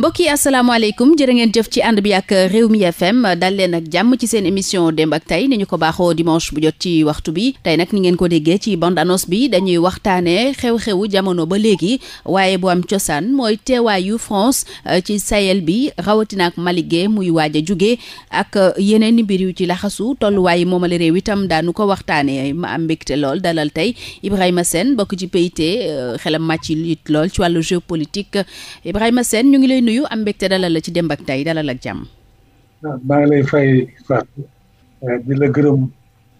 mbokk yi asalaamaaleykum jërë ngeen jëf ci ànd bi ak Rewmi FM dal leen ak jàmm ci seen émission démb ak tey ni ñu ko baaxoo dimanche bu jot ci waxtu bi tey nag ni ngeen ko déggee ci bande annonce bi dañuy waxtaanee xew-xewu jamono ba léegi waaye bu am cosaan mooy teewaayu France euh, ci Sahel bi rawatina ak Mali muy waaja jóge ak euh, yeneen mbir yu ci laxasu tolluwaayu moomale réew itam daanu ko waxtaanee ma am mbégte lool dalal tey Ibrahima Sène bokk ci PIT euh, xelam màcc it lool ci wàllu géopolitique Ibrahima nuyu am mbégte dalal la ci démb ak tey dalal ak jàmm. Ah, maa ngi lay fay Fatou eh, di la gërëm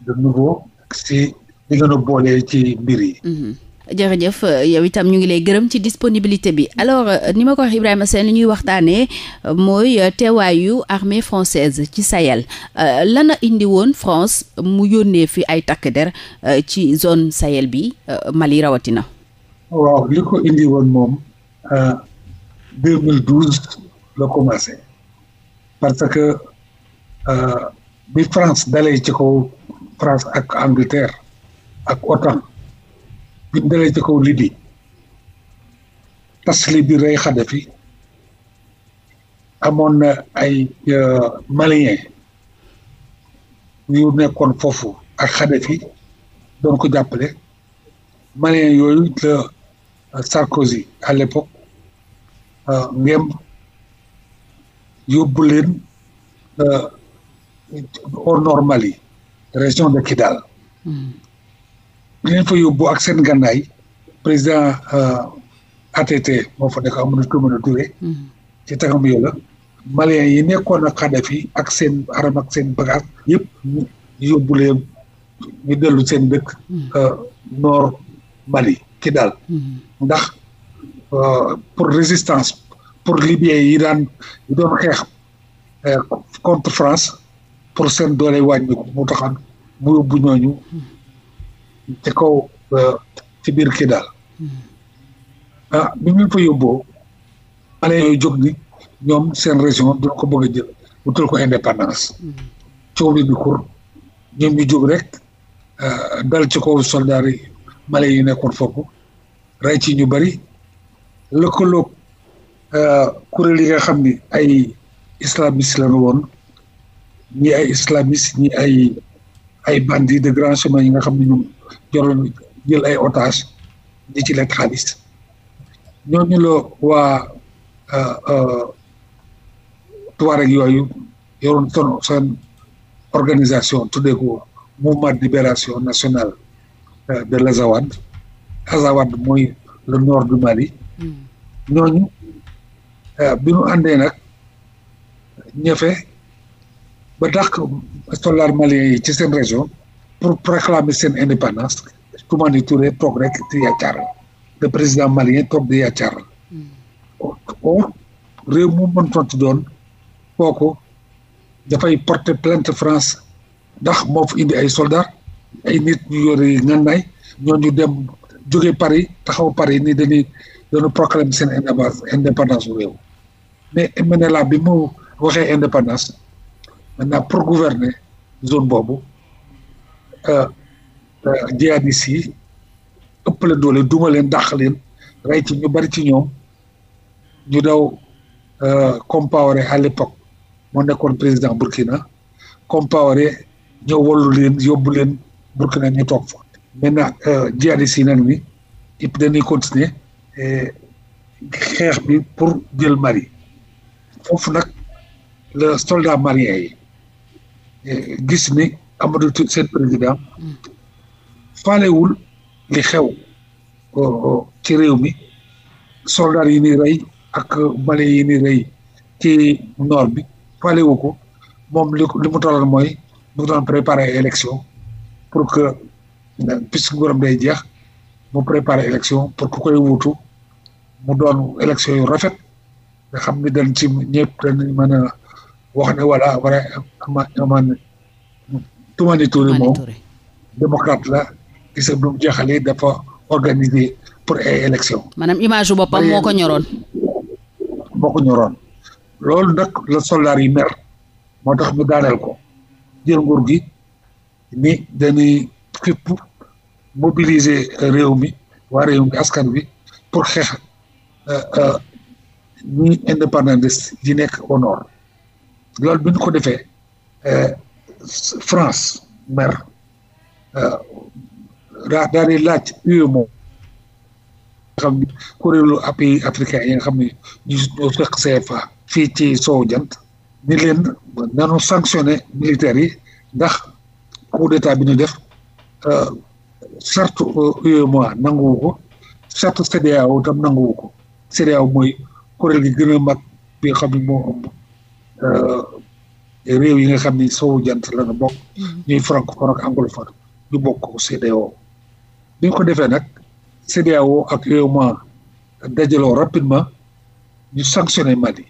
de nouveau si li gën a boole ci mbir yi. Mhm. jërëjëf yow itam ñu ngi lay gërëm ci disponibilité bi alors euh, ni ma ko wax Ibrahima Sène li ñuy waxtaanee euh, mooy euh, teewaayu armée française ci Sahel lana indi woon France mu yónnee fi ay takk der ci zone Sahel bi Mali rawatina. waaw li ko indi woon moom 2012 la commencé parce que euh, bi France dalee ci kaw France ak Angleterre ak OTAN bi dalee ci kaw Libye tas Libye rey Kadhafi amoon na ay euh, malien yu nekkoon foofu ak Kadhafi doon ko jàppale Maliens yooyu la Sarkozy à l'époque Euh, ngem yóbbu leen euh, au normal yi région de Kidal bi hmm. leen fa yóbbu ak seen gànnaay président euh, ATT moo fa nekk Amadou Toumani Touré ci taxam yow la Maliens yi nekkoon ak Kadhafi ak seen aram ak seen bagage yëpp ñu yóbbu leen ñu dellu seen dëkk hmm. nord Mali Kidal hmm. ndax Euh, pour résistance pour libyen yi daan yi doon xeex euh, contre France pour seen doole wàññiku mu taxan mu yóbbu ñooñu ci kaw euh, ci biir kii daal a ah, bi ñu fa yóbboo ale yooyu jóg ni ñoom seen région dina ko bëgg a jël wutal ko indépendance coow li di kur ñoom ñu jóg rek dal ci kaw soldats yi mali yi nekkoon foofu rey ci ñu bari lëkkaloog euh, kuréel yi nga xam ni ay islamiste la woon ñi ay islamiste ni ay ay bandits de grand chemin yi nga xam ne ñoom joroon jël ay otage di ci lekk xaalis ñooñu la waa euh, euh, tuareg yooyu yoroon ton seen organisation tuddee ko mouvement de libération nationale de l'Azawad Azawad mooy le nord du Mali ñooñu euh, bi mu àndee nag ñëfe ba dàq soldat malien yi ci seen région pour proclamer seen indépendance Toumani Touré toog rek di yàccaar le président malien toog di yàccaar or réew mu mëntonti doon kooku dafay porter plainte France ndax moo indi ay soldat ay nit ñu yore ngànnaay ñooñu dem jóge Paris taxaw Paris ni dañuy dañu proclamer seen indépendance indépendance bu réew mais Mandela bi mu waxee indépendance maintenant pour gouverner zone boobu euh, euh, jihadistes ëpp ëppale doole duma leen dàq leen rey ñu bari ci ñoom ñu daw euh, Compaoré à l'époque moo nekkoon président Burkina Compaoré ñëw wallu leen yóbbu leen Burkina ñu toog fo maintenant jihadistes yi nag ni it dañuy continuer xeex bi pour jël Mali foofu nag le soldat malien eh, gis ni Amadou Touré seen président faalewul li xew ci réew mi soldat yi ni rey ak mali yi rey ci nord bi faalewu ko moom li li mu tolloon mooy mu doon préparer que puisque nguuram day jeex mu préparer élection pour que koy wuutu mu doon élection yu rafet nga xam ni dañ ci ñëpp dañ mën a wax ne voilà vrai ama amaan Toumani Touré moom démocrate la gisa bu mu jeexalee dafa organiser pour ay élection maanaam image boppam moo ko ñoroon moo ko loolu nag la soldaar yi mer moo tax ñu daaneel ko jël nguur gi ni dañuy fépp mobiliser réew mi waa réew mi askan wi pour xeex Euh, euh, ñi indépendantiste yi nekk au nord loolu bi ñu ko defee euh, France mer daa daa di laaj UEMOA xam ni kuréelu pays africain yi nga xam ni ñu ñoo fekk CFA fii ci soow jant ni leen nanu sanctionné militaires yi ndax coup d'état bi ñu def charte UEMOA nanguwu ko charte CEDEAO tam nanguwu ko CEDEAO mooy kuréel gi gën a mag bi euh, réew yi nga xam ni sow jant la na bokk mm-hmm. ñuy francophone ak anglophone ñu bokk CEDEAO bi ñu ko defee nag CEDEAO ak UEMOA dajaloo rapidement ñu sanctionné Mali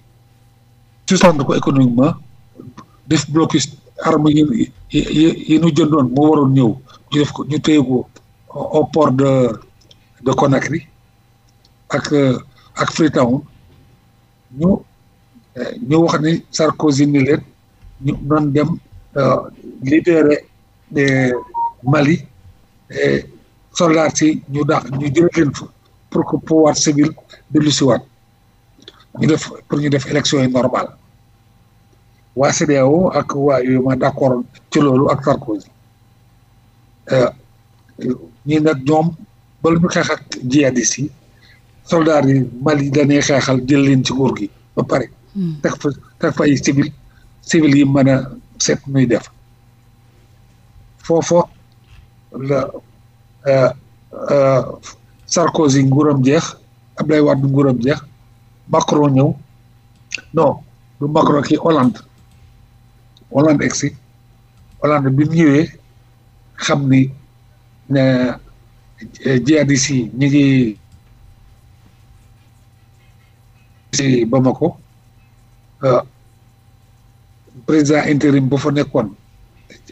suspendre ko économiquement def blocus arme yi yi ñu jëndoon moo waroon ñëw ñu def ko ñu téye ko de de ak euh, ak Freetown ñu eh, ñu wax Sarkozy ni leen ñu doon dem euh, libéré eh, Mali eh, soldats si ñu daax ñu jëlee leen fa pour que pouvoir civil dellu si ñu def pour ñu def élection yi normal waa CEDEAO ak waa yooyu d'accord ci loolu ak Sarkozy ñi nag ñoom balu ñu xeex ak jihadistes soldats yi Mali dañuy xeexal jël leen ci nguur gi ba pare. Hmm. tax fa tax fa ay civil civil yi mën a seet muy def foofa la euh, euh, Sarkozy nguuram jeex Abdoulaye Wade nguuram jeex Macron ñëw non du Macron ki Hollande Hollande egsi Hollande bi mu xam ni ne euh, jihadis yi ñu si Bamako euh, président intérim ba fa nekkoon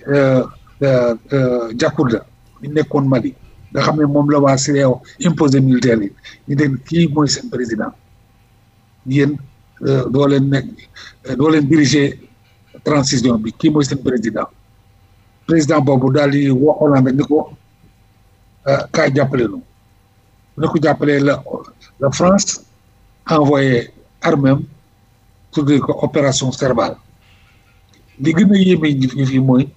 Diakounda euh, euh, mi nekkoon Mali nga xam ne moom la waa CEDEAO imposé militaire yi ñu dégg kii mooy seen président yéen doo leen nekk doo leen diriger transition bi kii mooy seen président président boobu daal di woo Hollande ni ko kaa jàppale jàppalee la France envoyé armem pour dire ko opération Serval li gën a yéeme fi mooy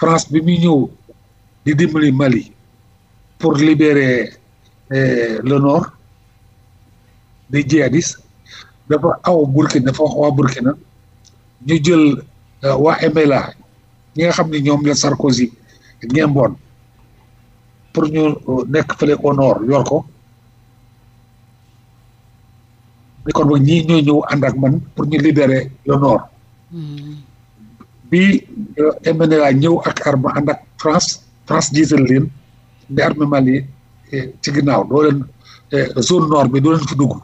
France bi muy ñëw di dimbali Mali pour libérer eh, le nord des djihadistes dafa aw Burkina dafa wax waa Burkina ñu jël eh, waa MLA ñi nga xam ne ñoom la Sarkozy ñemboon pour ñu eh, nekk fële au nord yor ko ni kon boog ñii ñoo ñëw ànd ak man pour ñu libérer le nord. Hmm. bi euh, MNLA ñëw ak arme ànd ak France France jiital leen Mali eh, ci ginnaaw doo leen eh, zone bi doo leen fi dugg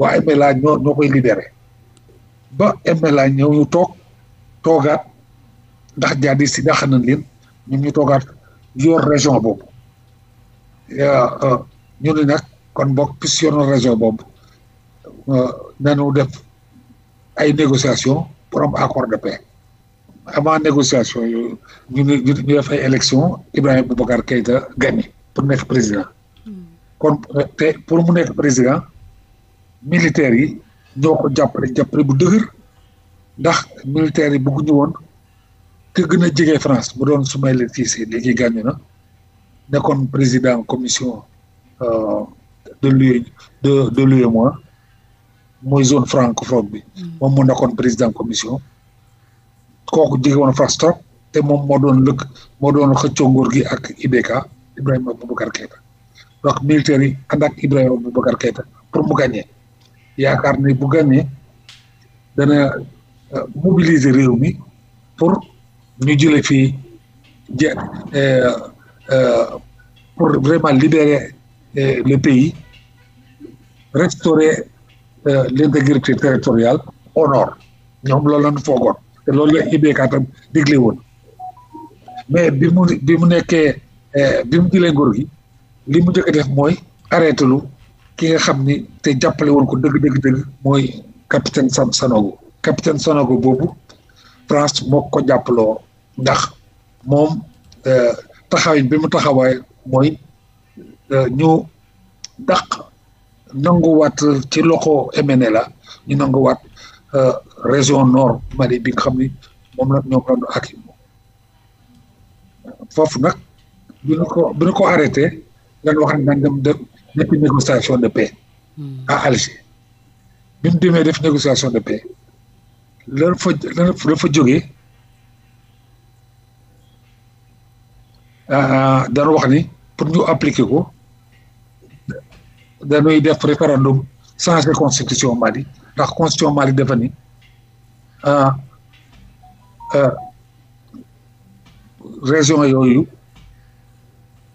waa MNLA ñoo ñoo koy libéré ba MNLA ñëw ñu toog toogaat ndax jaadi si dàq nañ leen ñun ñu toogaat yor région boobu euh, ñu ne nag kon bokk pis yor na région boobu nanu euh, def ay négociations pour am accord de paix avant négociation yooyu ñu def ay élections Ibrahima Boubacar Keïta gagné pour nekk président kon euh, te pour mu nekk président militaires yi ñoo ko jàppale jàppale bu dëgër ndax militaires yi bëgguñu woon te gën a jege France bu doon Soumaïla Cissé léegi gàññu na nekkoon président commission euh, de l'UE de de l'UEMOA muy zone francophone bi mm. moom moo nekkoon président commission kooku jege woon te moom moo doon lëkk moo doon xëccoo gi ak IBK Ibrahima Boubacar Keïta donc militaires yi ànd ak Ibrahima Boubacar Keïta pour mu gagné yaakaar ni bu gagné dana euh, mobiliser réew mi ñu jële fii je euh, euh, pour vraiment libérer le pays restaurer Euh, l'intégrité territoriale au nord ñoom loolu lañu foogoon te loolu la IBK tam digle woon mais bi mu bi mu nekkee euh, bi mu jëlee nguur li mu njëkk a def mooy arrêté lu ki nga xam ni te jàppale ko dëgg dëgg dëgg mooy capitaine Sanogo capitaine Sanogo boobu France moo ko jàppaloo ndax moom euh, taxawin bi mu taxawaay mooy ñu dàq nanguwaat ci loxo MNLA ñu nanguwaat euh, région nord Mali bi xam ni moom la ñoom la ñu ak foofu nag bi ñu ko bi ñu arrêté lan wax ne naan dem def nekk de paix hmm. à Alger bi mu demee def négociation de paix lan fa a fa jógee euh, dara wax ni pour ñu appliquer ko dañuy def référendum changer constitution Mali ndax constitution Mali dafa ni ah, ah, région yooyu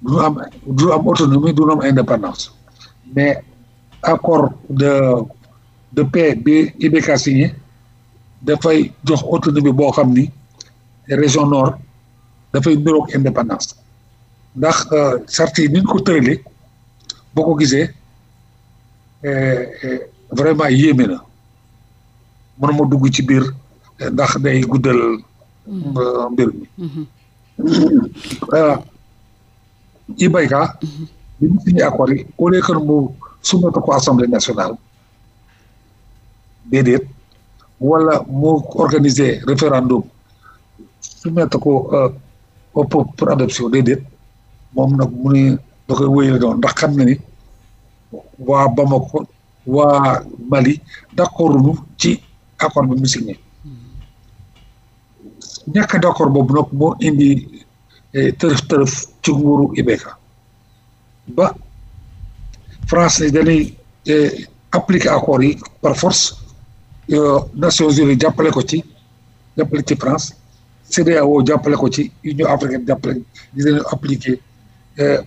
du am du am autonomie du am indépendance mais accord de de paix bi IBK signé dafay jox autonomie boo xam ni région nord dafay niroog indépendance ndax sarti euh, yi ni ñu ko tëralee boo ko gisee Eh, eh, vraiment yéeme na mënuma dugg ci biir eh, ndax day guddal mm-hmm. euh, mbir mm-hmm. i bayka mm-hmm. bi mu signé accord yi au lieu que mu soumettre ko assemblée nationale déedéet wala mu organiser référendum soumettre ko euh, au peuple pour adoption déedéet moom nag mu ne da koy ndax xam na ni waa Bamako waa Mali d'accord ñu ci accord bi mu signé ñàkk d'accord boobu nag moo indi eh, tërëf tërëf ci nguuru IBK ba français dañuy eh, appliquer accords yi par force Nations Unies jàppale ko ci jàppale ci France CEDEAO jàppale ko ci Union africaine jàppale ñu dañu appliquer eh,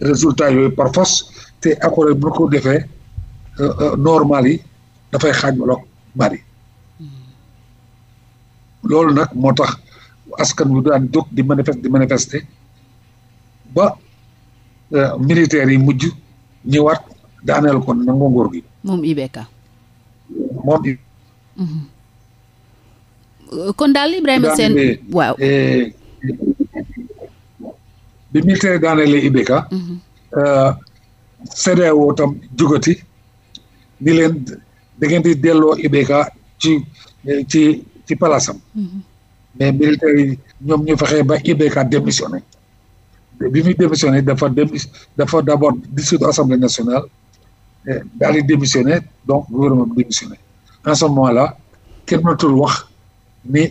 résultat yooyu par force te accord bu ko defee euh, euh, normal yi dafay xaajaloog bari loolu nag moo tax askan wu daan jóg di manifeste di manifester ba euh, militaires yi mujj ñëwaat daaneel ko nangu nguur gi. moom IBK. Mm-hmm. kon daal Ibrahima Sène waaw. bi militaire daaneele IBK mhm. euh, CEDEAO tam jugati ni leen da ngeen di delloo IBK ci ci ci palaasam mhm. mais militaire ñoom ñu fexee ba IBK démissionné bi muy démissionné dafa démi dafa abord dissoudre assemblée nationale daal di démissionné donc gouvernement bi démissionné en ce moment là kenn mënatul wax ni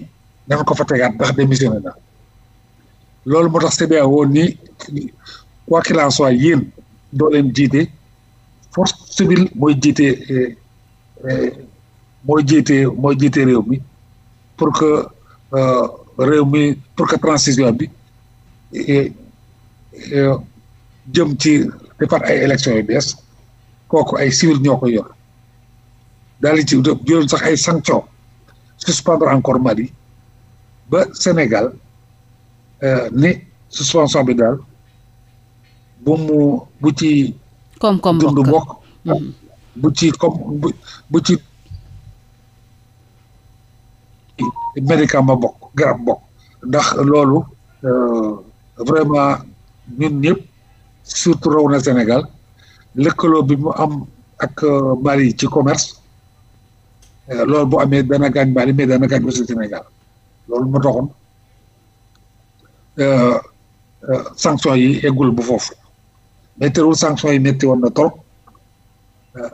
danga ko fa tegaat ndax démissionné na loolu moo tax CBAO ni quoi qu'il en soit yéen doo jiite force civile mooy jiite eh, eh, mooy jiite mooy jiite réew mi pour que euh, réew mi pour que transition bi e jëm ci defar ay élections yu bees kooku ay civil ñoo ko yor daal di ci sax ay sanctions suspendre encore Mali ba Sénégal Euh, ni suspension bi daal bu mu bu ci. koom-koom bokk dund bokk. Mm-hmm. bu ci comme bu ci médicament bokk garab bokk ndax loolu euh, vraiment ñun ñëpp surtout raw na Sénégal lëkkaloo bi mu am ak euh, Mali ci commerce lool bu amee dana gaañ Mali mais dana gaañ aussi Sénégal loolu mu Euh, euh, sanction yi eggul bu foofu mais terewul sanction yi métti woon na trop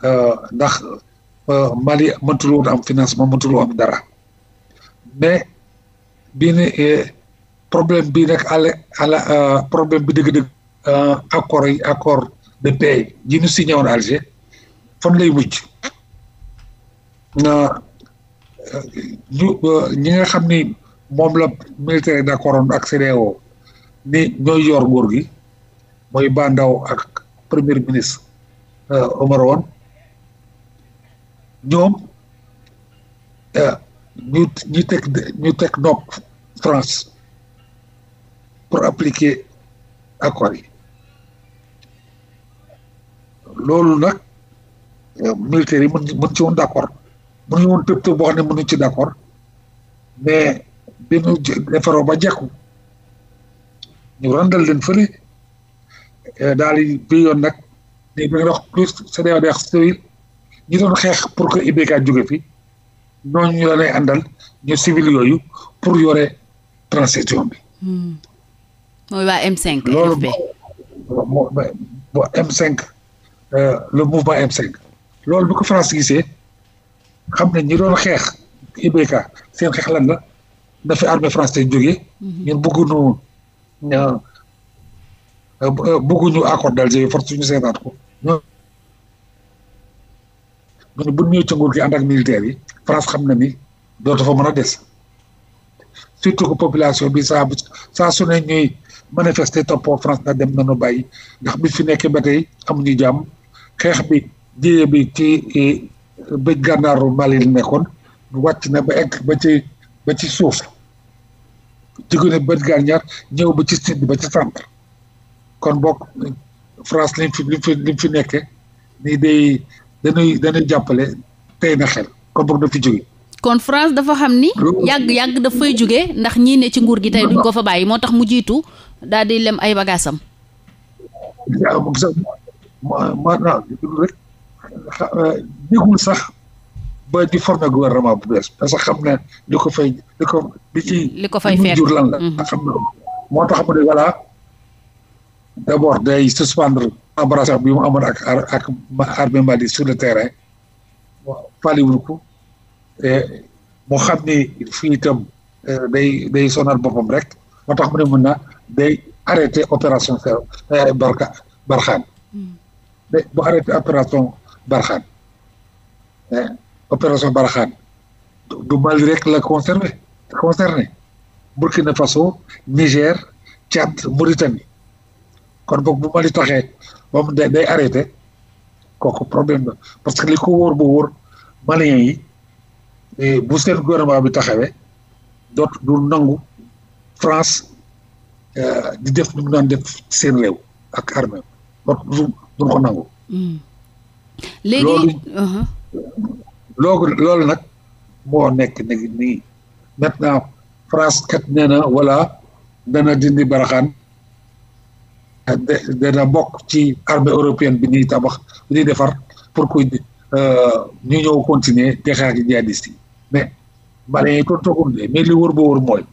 euh, ndax Mali mëntul am financement mëntul am dara mais bii ni eh, problème bi nag àll àll problème bi dëgg-dëgg accord yi accord de paix yi ñu signé woon Alger fan lay mujj na ñu nga xam ni moom la militaire yi d'accord ak CEDEAO ni ñooy yor nguur gi mooy Ba ak premier ministre euh, Omar Wane ñoom ñu euh, ñu ñu teg France pour appliquer accord yi loolu nag euh, militaires yi mën mën ci woon d'accord mënuñu woon tëb tëb boo xam ne ci d'accord mais bi ñu ba jekku ñu randal leen fële eh, daal di bi nag léegi bi nga ñi doon xeex pour que IBK jóge fi ñooñu ñu la lay àndal ñu civil yooyu pour yore transition bi. Hmm. mooy waa M5. loolu euh, loolu bu ko France gisee xam ne ñi doon xeex IBK seen xeex lan na fi armée française jógee. Mhm. ñun bëgguñu euh, bëgguñu accord d'Alger force suñu seetaat ko. ñooñu bu ñu ñëwee ci ànd ak militaire yi France xam na ni dootu fa mën a des surtout que population bi saa saa su ne ñuy manifester toppoo France na dem nañu bàyyi ndax bi fi nekk ba tey amuñu jàmm xeex bi jéye bi ci eh, bëj gànnaaru Mali nekkoon wàcc na ba egg ba ci. ba ci suuf jigéen bët gàññaar ñëw ba ci sud ba ci centre kon bokk France lim fi lim fi lim fi nekke nii day dañuy dañuy jàppale tey na xel kon bokk daf jóge kon France dafa xam ni yàgg yàgg daf fay jóge ndax ñii ne ci nguur gi tey duñ ko fa bàyyi moo tax mu jiitu daal di lem ay bagaasam euh, déggul sax ba di former gouvernement bu bees parce que xam ne li fay li ci. fay fekk jur lan la. Mm-hmm. xam ne moo tax mu ne voilà d' abord day suspendre embarration bi mu amoon ak ak Mali sur le terrain faliwul ko mu xam ni fii itam euh, day day sonal boppam rek moo tax mu ne mën na day arrêté opération euh, Barka Barkhane. Mm. bu arrêté opération Barkhane. opération Barkhane du Mali rek la concerné concerné Burkina Faso Niger Tchad Mauritanie kon boog bu Mali taxee ba de day arrêté kooku problème la parce que li ko wóor bu wóor Maliens yi eh, bu seen gouvernement bi taxawee doot du nangu France euh, di def lu mu daan seen réew ak armée doot du ko nangu. Hmm. léegi loolu loolu nag moo nekk nag nii maintenant France kat nee na wala dana dindi baraxaan dana bokk ci armée européenne bi ñuy tabax bi ñuy defar pour que euh, ñu ñëw continuer dexaak jihadistes yi mais maliens yi tontoogul de mais li wër ba wër mooy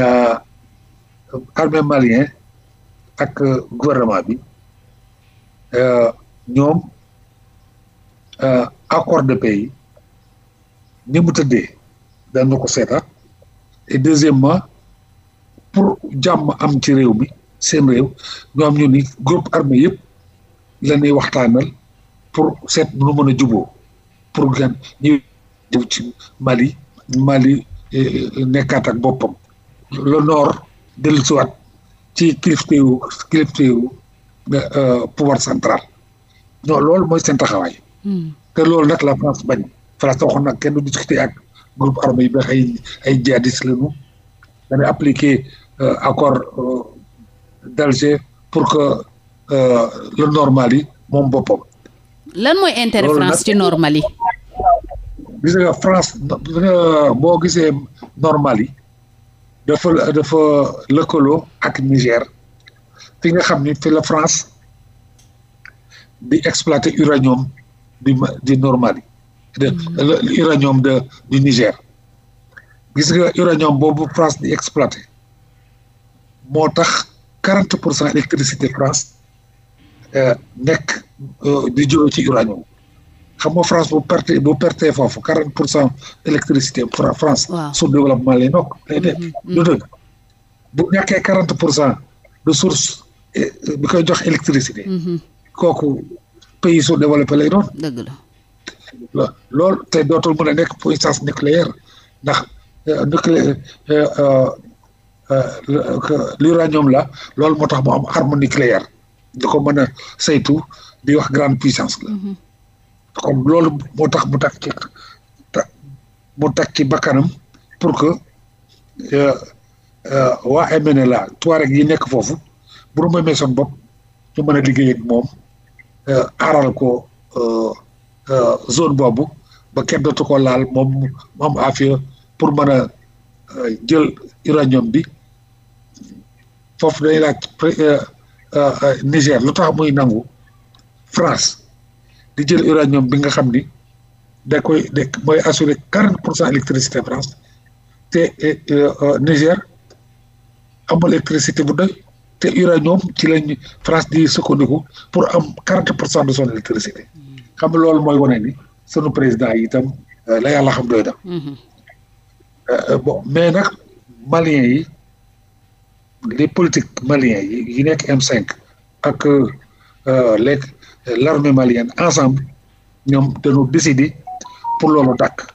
euh, armée malien ak gouvernement bi euh, ñoom accord de paix yi ni mu tëddee daan na ko et deuxièmement pour jàmm am ci réew mi seen réew ñoo am ñu ni groupe armé yëpp la ñuy waxtaanal pour seet nu mën a juboo pour gan ñuy jëm ci Mali Mali eh, nekkaat ak boppam le nord dellusiwaat ci kilifteewu kilifteewu eh, pouvoir central non loolu mooy seen taxawaay hmm. te loolu nag la France bañ France waxoon nag kenn du discuter ak groupe armé ba ay ay jihadistes la ñu euh, accord euh, d'Alger pour que euh, le normal yi moom boppam. lan mooy intérêt France ci normal France boo gisee normal yi dafa lëkkaloo ak Niger fi nga xam ni fi la France di exploiter uranium. du du Normandie mm-hmm. de l'uranium de du Niger gis nga uranium boobu France di exploité moo tax quarante pour cent électricité France euh, nekk euh, di jóge ci uranium xam nga France bu perte bu perte foofu quarante pour cent électricité France. waaw sous développement lay nokk. lay mm-hmm. bu ñàkkee quarante pour cent de source eh, bi koy jox électricité. Mm-hmm. kooku. pays su développé lay doon. dëgg la loolu te dootul mën nekk puissance nucléaire ndax euh, nucléaire euh, euh, l'uranium la lool moo tax mu am arme nucléaire di ko mën a saytu di wax grande puissance la. Mhm. kon loolu moo tax mu takk ci mu takk ci bakkanam pour que waa MNLA Touareg yi nekk foofu bu nu ma amee seen bopp ñu mën a liggéey ak Eh, aaral ko eh, eh, zone boobu ba kenn dootu ko laal moom mu am affaire pour mën a jël uranium bi foofu dañuy laaj Niger lu tax muy nangu France di jël uranium bi nga xam ni da koy de mooy assurer quarante pour cent électricité France te e Niger amul électricité bu de te uranium ci lañ France di sukkandiku pour am quarante pour cent de son électricité xam nga loolu mooy wane ni sunu président yi itam euh, la yàlla xam doy na. Mm-hmm. Euh, bon mais nag yi les politiques maliens yi yi nekk M5 ak euh, les l'armée malienne ensemble ñoom dañoo décider pour loolu dàkk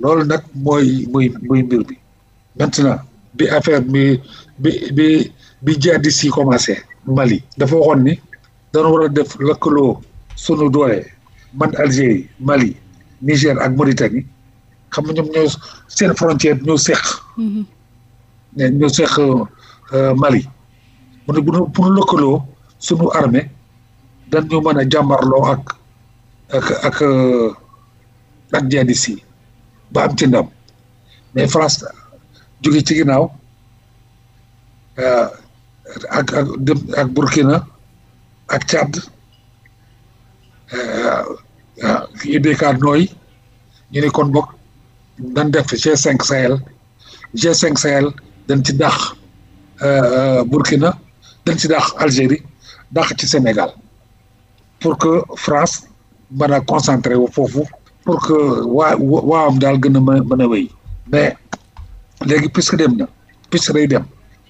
loolu nag mooy mooy mooy mbir bi maintenant bi affaire bi bi bi jihadis commencé Mali dafa waxoon ni dana war def lëkkaloo sunu doole man Algérie Mali Niger ak Mauritanie xam nga ñoom ñoo seen frontière ñoo seq. Mhm. ñoo seq euh, Mali bu ñu pour lëkkaloo sunu armée dan ñu mën a jàmbarloo ak ak ak ak jihadis ba am ci ndam mais France jóge ci ginnaaw. Euh, ak ak ak Burkina ak Tchad euh, ah, IBK nooy ñu ne kon bokk dañ def G5 Sahel G5 Sahel dañ ci dàq euh, Burkina dañ ci dàq Algérie dàq ci Sénégal pour que France mën a concentré wu foofu pour que waa waawam daal gën a mën a mais léegi puisque dem na puisque day dem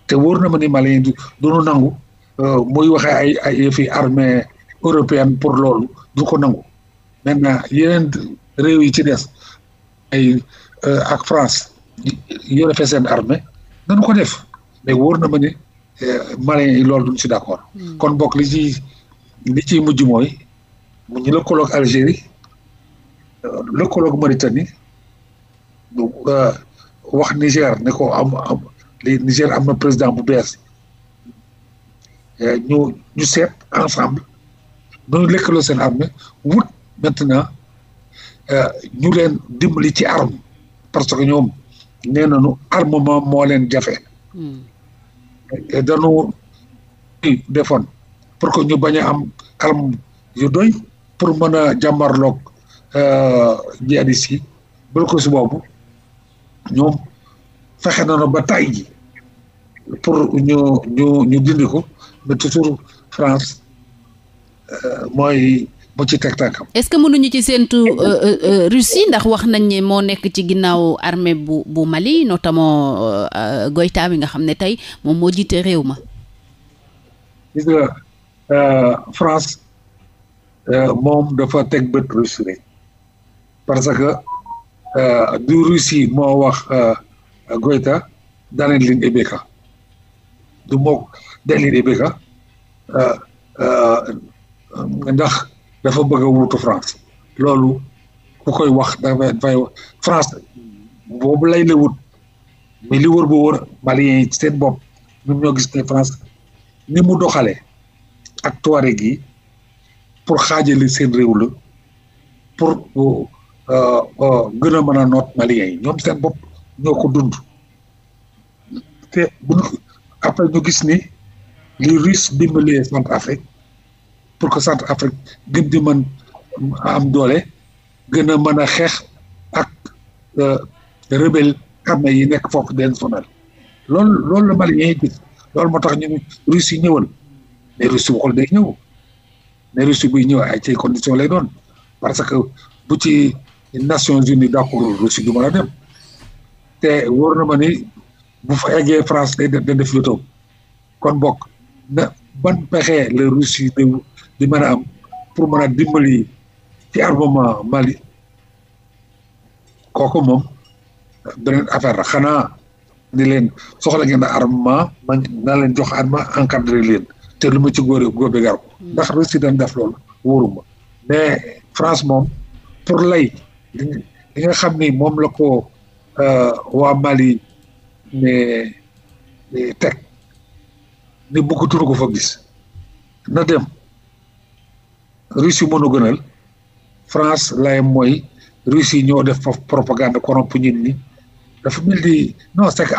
te wóor na ma ni Maliens du duñu nangu euh, muy waxee ay ay yëfi armée européenne pour loolu du ko nangu maintenant yeneen réew yi ci des ay euh, ak France yoo defee seen armée nañu ko def mais wóor na ma ni euh, Maliens yi loolu duñ ci d'accord hmm. kon bokk li ci li ciy mujj mooy mu ñu lëkkaloog Algérie lëkkaloog Mauritanie wax Niger ne ko am am léegi Niger am na président bu bees euh, ñu ñu seet ensemble ñu lekkaloo seen armée wut maintenant euh, ñu leen dimbali ci arme parce que ñoom nee nañu armement moo leen jafe. Hmm. dañu defoon pour que ñu bañ a am arme yu doy pour mën a jàmmarloog euh, jihadis yi bul ko si boobu ñoom fexe nañu ba tay pour ñu ñu ñu ko mais toujours France euh, mooy bu ci teg tànkam. est-ce que mënuñu ci séentu euh, euh, Russie ndax wax nañ ne moo nekk ci ginnaaw armée bu bu Mali notamment Goïta bi nga xam ne tey moom moo jiite réew ma. gis nga France teg bët Russie rek parce que du Russie moo wax Goïta daaneel leen Ibeka du moog Delhi di bëgg ndax dafa bëgg a France loolu ku koy wax France boobu lay la wut mais wër bu wër Maliens yi seen bopp ñoom ñoo gis ne France ni mu doxalee ak Touareg yi pour xaajale seen réew la pour euh, euh, gën a mën a noot Maliens yi ñoom seen bopp ñoo ko dund après ñu gis ni li russe dimbalee centre Afrique pour que centre Afrique gën di am doole gën a mën a xeex ak euh, rebelle armée yi nekk foofu den sonal lool loolu la Maliens yi gis loolu moo tax ñu russe yi ñëwal mais russe waxul bu ñëw mais ay ci condition lay doon parce que bu ci Nations Unies d'accord russe du mën dem te wóor na ma ni bu fa eggee France day def day def kon bokk na ban pexe la Russie di di mën a am pour mën a dimbali ci armement Mali kooku moom beneen affaire la xanaa ni leen soxla ngeen armement man naa leen jox armement encadré leen te lu ma ci góor góobe gar ko hmm. ndax Russie dañ def loolu wóoruma mais France moom pour lay dina xam ni moom la ko euh, waa Mali. mais teg ni bukk turu ko fa gis na dem Russie mënu gënal France lay mooy Russie ñoo def propagande corrompu ñit ni dafa mel ni non c'est euh,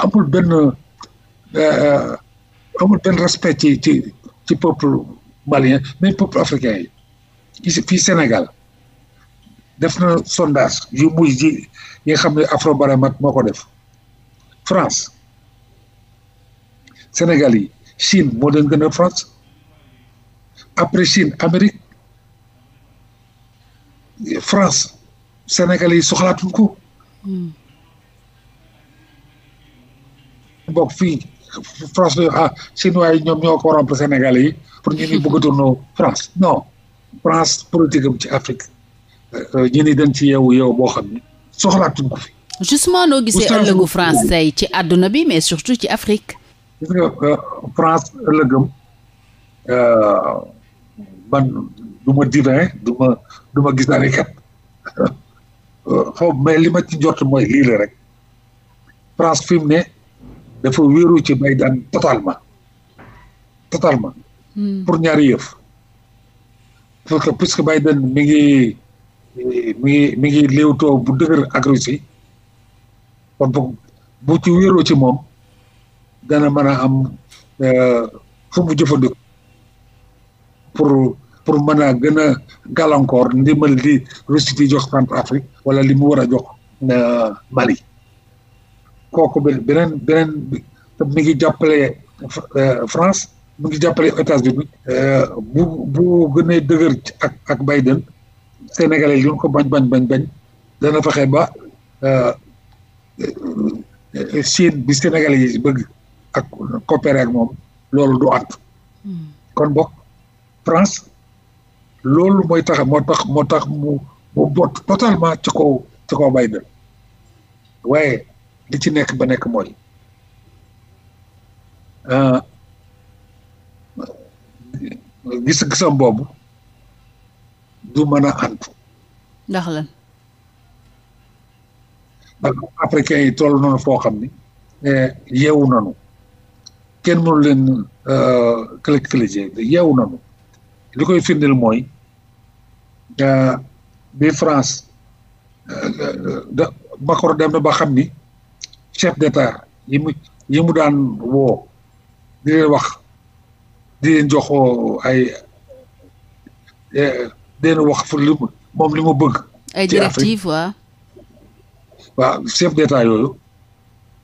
euh, amul benn respect ci ci ci peuple malien mais peuple africain yi fii Sénégal def na sondage yu mujj ji yi nga xam ne Afrobaromètre moo ko def France Sénégal yi Chine moo leen gën a France après Chine Amérique France Sénégal yi soxlaatuñ ko. bokk fii France la ah chinois yi ñoom ñoo ko rompre Sénégal yi pour ñu ni bëgg a tournoo France non France politique ci Afrique euh, euh, ñu ni dañ ci yew yow boo xam ne soxlaatuñ fi. justement noo gisee ëllëgu France ci àdduna bi mais surtout ci Afrique euh, France ëllëgam euh, man du ma divin du ma du ma gis anikat xaw mais li ma ci jot mooy lii rek France fi mu ne dafa wéeru ci bay daan totalement totalement hmm. pour ñaari yëf parce que puisque Biden mi ngi mi ngi mi ngi bu dëgër ak kon bu bu ci wéeroo ci moom dana mën a am euh, fu mu pour pour mën a gën a gàllankoor ndimbal di Russie di jox Centrafrique wala li mu war a jox euh, Mali kooku beneen beneen mi ngi jàppale euh, France mu ngi jàppale États-Unis bu bu gënee dëgër ak ak Biden Sénégalais yi ñu ko bañ bañ bañ bañ dana fexe ba Euh, Chine bi Sénégalais yi bëgg ak coopérer ak moom loolu du ànd hmm. kon bokk France loolu mooy tax moo tax moo tax mu mu bot totalement ci kaw ci kaw Biden waaye li ci nekk ba nekk mooy euh, gis-gisam boobu du mën a ànd ndax lan ndax africains yi toll noonu foo xam ni eh, yeewu nanu kenn mënu leen kële euh, kële yeewu nanu li koy firndeel mooy euh, bi France euh, da dem na ba xam ni chef d'état yi mu daan woo di leen wax di leen jox ay eh, di leen wax fu li moom li bëgg. ay directives waaw waaw chef d' état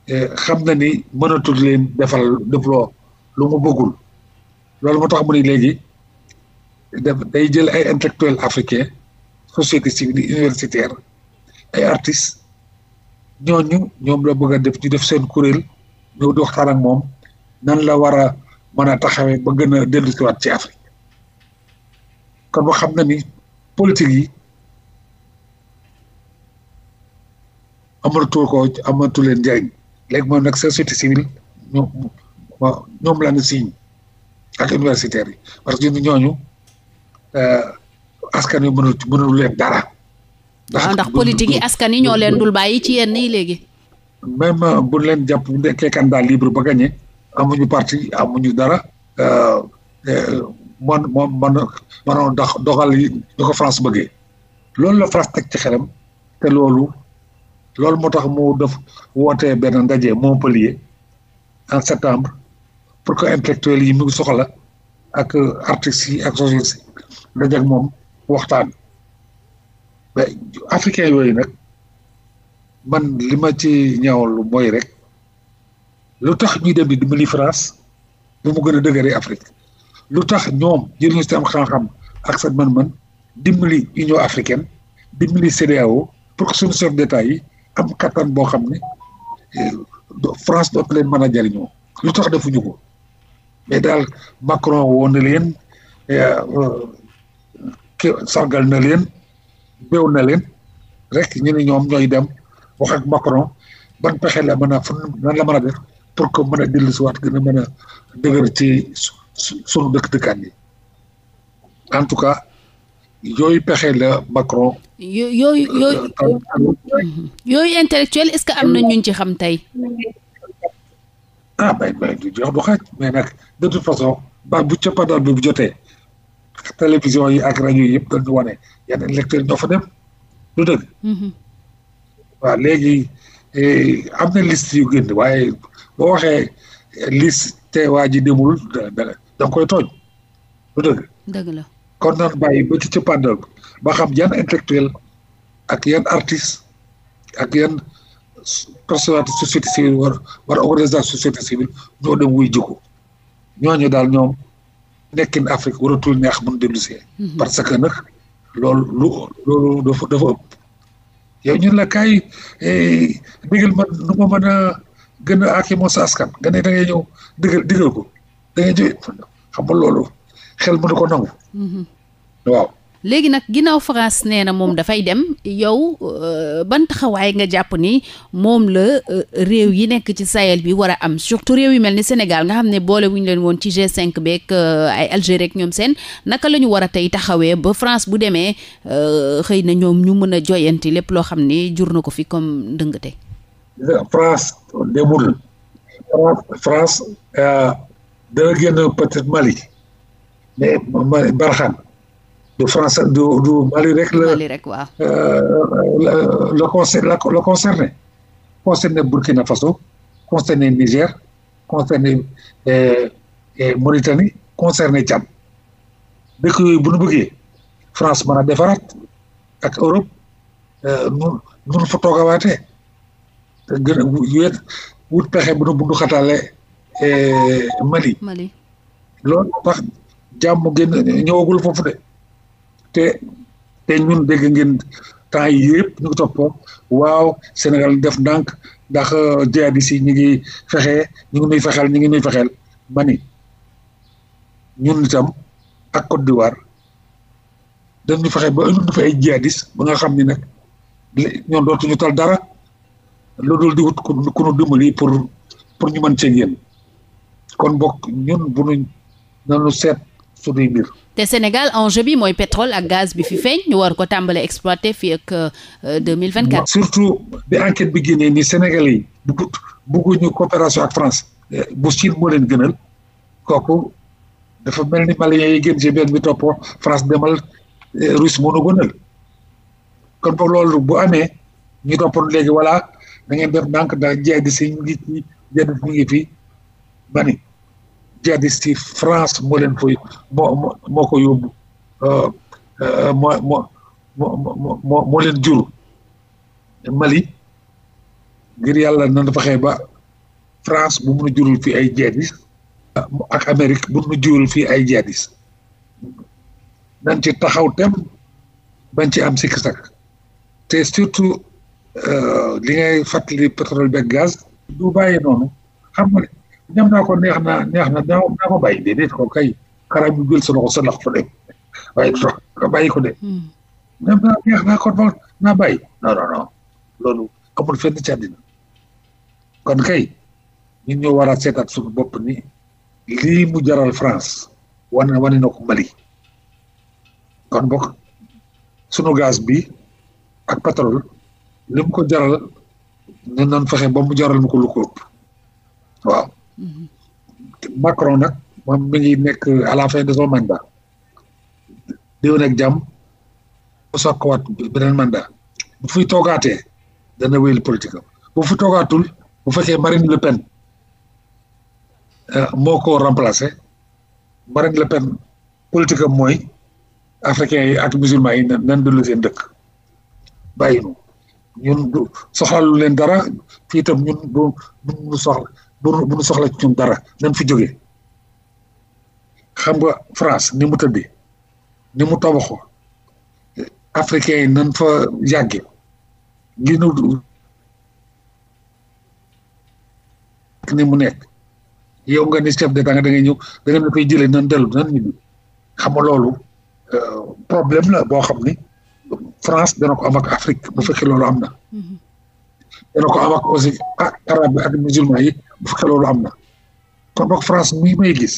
eh, xam na ni mënatul defal defloo lu mu bëggul loolu moo tax mu ni léegi day jël ay intellectuel africain société civile universitaire ay artistes ñooñu ñoom la bëgg a def ñu def seen kuréel ñëw di waxtaan ak moom nan la war a mën a taxawee ba gën a dellusiwaat ci Afrique kon ba xam na ni politique yi amatul ko amatul leen njëriñ léegi moom nag société civile ñoom ñoom la ñu signe ak universitaires parce que ñun ñooñu euh, askan wi mënul mënul leen dara. waaw ndax ah, politique yi askan yi ñoo leen dul bàyyi ci yenn nii léegi. même euh, bu leen jàpp bu nekkee candidat libre ba gagné amuñu parti amuñu dara euh, man moom man mënoon dox doxal yi ñu ko France bëggee loolu la France teg ci xelam te loolu. loolu moo tax mu def wootee benn ndaje Montpellier en septembre pour que intellectuels yi mu ngi soxla ak artistes yi ak société daje ak moom waxtaan mais africain yooyu nag man lima ma ci ñaawlu mooy rek lu tax ñuy dem di dimbali France lu mu gën a dëgëre Afrique lu tax ñoom jëriñu si am xam-xam ak seen mën man dimbali Union africaine dimbali CEDEAO pour que suñu chef yi am kattan boo xam ne euh, France dootu leen mën a jëriñoo lu tax defuñu ko mais daal Macron woon na leen euh, sargal na leen béw na leen rek ñu ne ñoom ñooy dem wax ak Macron ban pexe la mën a fu nan la mën a def pour ko mën a dellu si waat gën a mën a dëgër ci sunu dëkk dëkkaan yi en tout cas yooyu pexe la Macron. yooyu euh, yooyu euh, yooyu intellectuel est-ce que am na ñun ci xam tey. ah bay bay du jox du xaaj mais de toute façon ba bu cappaandaw bi bu jotee télévision yi ak rajo yi yëpp dañu wane yenn intellectuel ñoo dem du dëgg. Mm-hmm. waaw léegi eh, am na liste yu génn waaye boo waxee liste te waa ji demul da koy tooñ du dëgg. dëgg la. kon naan bàyyi ba ci cëppaandaw ba xam yan intellectuel ak yan artiste ak yan personnalité société civile war war organisation société civile ñoo dem wuy jiko ñooñu daal ñoom nekkin Afrique waratul neex mën dellusee mhm. parce que nag loolu lu loolu dafa eh, ma mën a gën a aaki moo sa askan nga ne ko da ngay jóge loolu xel mënu ko nangu. Mhm. waaw. léegi nag ginnaaw France nee na moom dafay dem yow euh, ban taxawaay nga jàpp ni moom la euh, réew yi nekk ci Sahel bi war a am surtout réew yu mel ni Sénégal nga xam ne boole wuñu leen woon ci g cinq beeg euh, ay Algérie ak ñoom seen naka la ñu war a tey taxawee ba France bu demee euh, xëy na ñoom ñu mën a joyanti lépp loo xam ne jur na ko fi comme ndëngate. France France euh, dana génn peut Mali. mais Mali Barkhane du France du du Mali rek la concerné euh, concerné Burkina Faso concerné Niger concerné euh, Mauritanie concerné Tchad dëkk yooyu bu France mën a defaraat ak Europe euh, nu nu fa toogawaatee gën pexe bu nu xataale Mali. Mali loolu jàmm génn ñëwagul foofu de te te ñun dégg ngën temps yi yëpp ñu ngi toppoo waaw Sénégal def ndànk ndax euh, jihadis yi ñu ngi fexe ñu ngi nuy fexeel ñu ngi nuy fexeel ma ni ñun itam ak Côte d'Ivoire dañu fexe ba ñu fa ay jihadis ba nga xam ni nag ñoom dootuñu tal dara loolu di wut ku nu dimbali pour pour ñu mën cee génn kon bokk ñun bu nanu seet suñuy mbir. te Sénégal enjeu bi mooy pétrole ak gaz bi fi feeñ ñu war ko tàmbale exploité fii ak 2024. Euh, surtout bi enquête bi génnee ni Sénégalais yi bëggut bëgguñu coopération ak France. Eh, bu Chine moo leen gënal kooku dafa mel ni Maliens yi gën g bi toppoo France demal eh, Russe moo nu gënal kon boog loolu bu amee ñu toppoon léegi wala da ngeen def ndànk daal jaay di seen nit ñi jënd ngi fi bani jihadiste yi France moo leen koy moo moo ko yóbbu euh, euh, moo moo moo leen juru Mali ngir yàlla nan faxee ba France bu mun a jurul fii ay jihadiste ak Amérique bu mun a jurul fii ay jihadiste nan ci taxaw tem bañ ci am sikki sak te surtout euh, li ngay fàttali pétrole gaz du bàyyi noonu xam nga dem naa ko neex na neex na daa daa ko bàyyi déedéet ko kay karaam bi jël sa loxo de waaye ko bàyyi ko de dem hmm. naa neex naa kon fa naa bàyyi non non non loolu amul fenn ci àddina kon kay ñun ñoo war a seetaat suñu bopp ni lii mu jaral France wane wane na ko Mali kon bokk sunu gaz bi ak pétrole li ko jaral ne noon fexe ba mu jaral mu ko lu Macron nag moom mi ngi nekk à la fin de son mandat déwén ak jàmm bu sokkuwaat beneen mandat bu fi toogaatee dana wéyal politique bu fi toogaatul bu fekkee Marine Le Pen eh, moo ko remplacé Le Pen politique am mooy africains yi ak musulmans yi nan dellu seen dëkk bàyyi ñun du soxlaalu dara fii itam ñun du bu bu nu soxla ci dara nañ fi jógee xam nga France ni mu tëddee ni mu tabaxoo africain yi nañ fa yàggee gi nu ni mu nekk yow nga ni chef d'état nga da ngay ñëw da ngeen koy jëlee nan dellu nan ñibbi xam loolu euh, problème la boo xam ni France dana ko am ak bu fekkee loolu am na mm-hmm. dana ko am aussi ah arabe ak musulman yi bu fekkee loolu am na kon nag France mii may gis